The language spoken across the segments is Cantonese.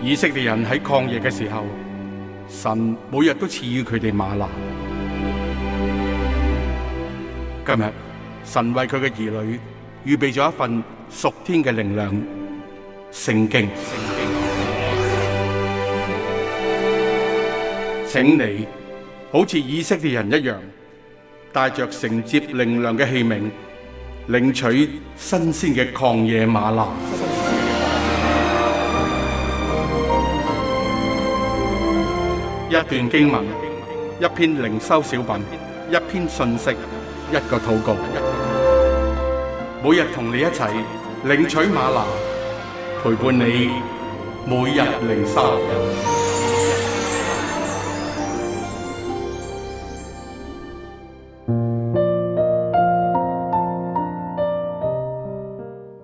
以色列人在曠野的時候，神每日都賜予他們嗎哪。今日，神為他的兒女預備了一份屬天的靈糧聖經。請你好像以色列人一樣，帶着承接靈糧的器皿，領取新鮮的曠野嗎哪。一段經文，一篇靈修小品，一篇信息，一個禱告。每日同你一齊領取嗎哪，陪伴你每日靈修。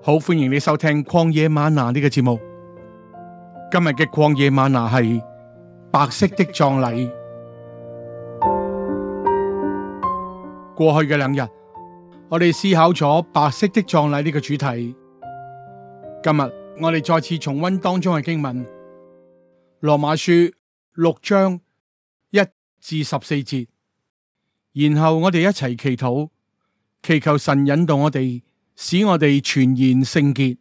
好，歡迎你收聽《曠野嗎哪》呢、這個節目。今日嘅《曠野嗎哪》係。白色的葬禮。過去嘅兩日，我哋思考咗白色的葬禮呢個主題。今日我哋再次重溫當中嘅經文《羅馬書》六章一至十四節，然後我哋一齊祈禱，祈求神引導我哋，使我哋全然聖潔。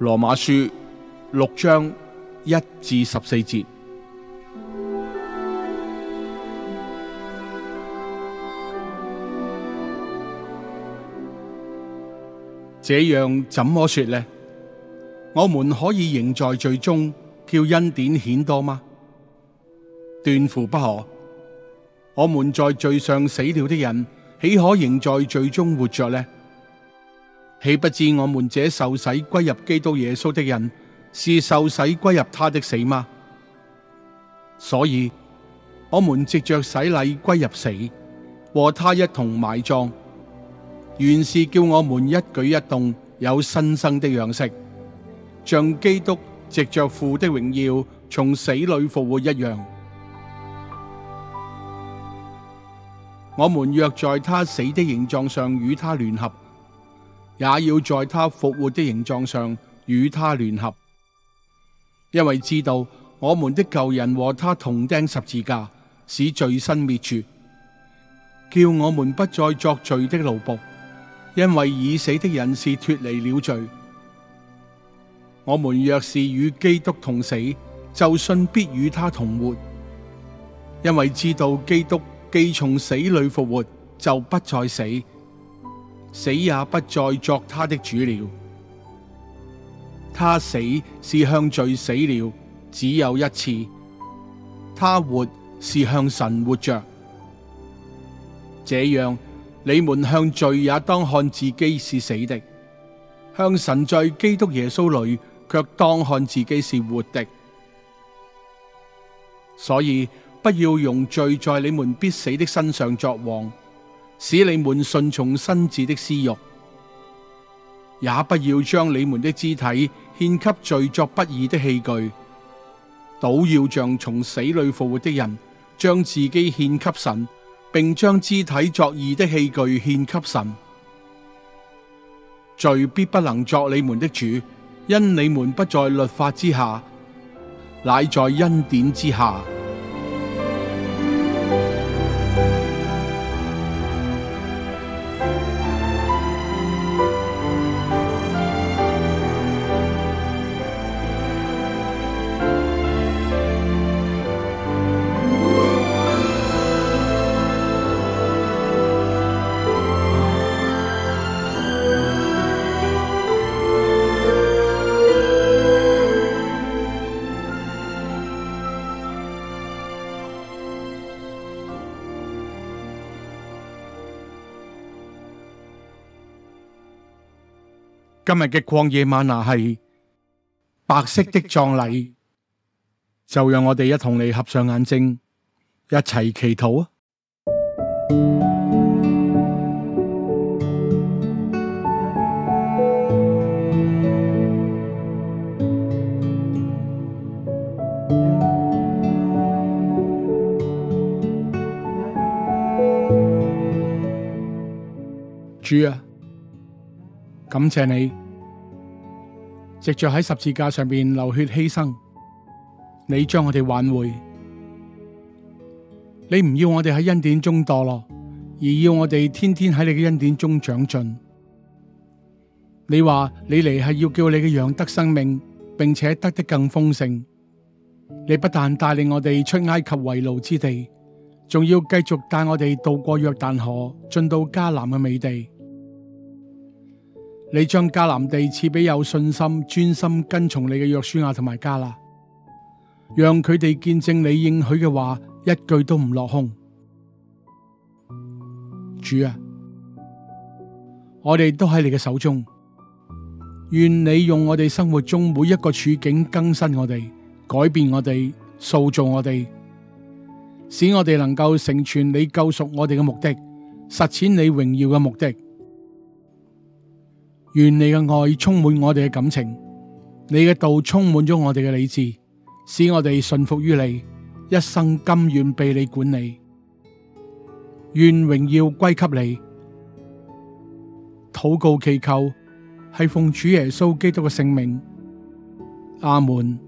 羅馬書六章一至十四節，這樣怎麼說呢？我們可以仍在罪中，叫恩典顯多嗎？斷乎不可！我們在罪上死了的人，豈可仍在罪中活着呢？豈不知我們這受洗歸入基督耶穌的人，是受洗歸入他的死嗎？所以，我們藉着洗禮歸入死，和他一同埋葬，原是叫我們一舉一動有新生的樣式，像基督藉着父的榮耀從死裏復活一樣。我們若在他死的形狀上與他聯合，也要在他復活的形狀上與他聯合，因為知道我們的舊人和他同釘十字架，使罪身滅絕，叫我們不再作罪的奴僕。因為已死的人是脫離了罪。我們若是與基督同死，就信必與他同活。因為知道基督既從死裏復活，就不再死。死也不再作他的主了。他死是向罪死了，只有一次；他活是向神活着。這樣，你們向罪也當看自己是死的，向神在基督耶穌裏卻當看自己是活的。所以，不要用罪在你們必死的身上作王。使你們順從身子的私慾，也不要將你們的肢體獻給罪作不義的器具，倒要像從死裏復活的人，將自己獻給神，並將肢體作義的器具獻給神。罪必不能作你們的主，因你們不在律法之下，乃在恩典之下。今日嘅曠野嗎哪係白色的葬禮，就讓我哋一同嚟合上眼睛，一齊祈禱啊！主啊！感謝你，藉着喺十字架上面流血犧牲，你將我哋挽回。你唔要我哋喺恩典中墮落，而要我哋天天喺你嘅恩典中長進。你話你嚟係要叫你嘅羊得生命，並且得的更豐盛。你不但帶領我哋出埃及為奴之地，仲要繼續帶我哋渡過約旦河，進到迦南嘅美地。你將迦南地賜俾有信心、專心跟從你嘅約書亞同埋迦勒，讓佢哋見證你應許嘅話一句都唔落空。主啊，我哋都喺你嘅手中，願你用我哋生活中每一個處境更新我哋、改變我哋、塑造我哋，使我哋能夠成全你救贖我哋嘅目的，實踐你榮耀嘅目的。願你嘅愛充滿我哋嘅感情，你嘅道充滿咗我哋嘅理智，使我哋信服於你，一生甘願被你管理。願榮耀歸給你。禱告祈求係奉主耶穌基督嘅聖名。阿門。